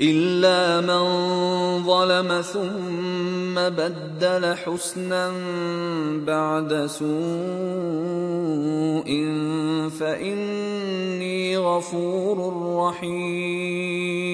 إلا من ظلم ثم بدل حسنا بعد سوء فإني غفور رحيم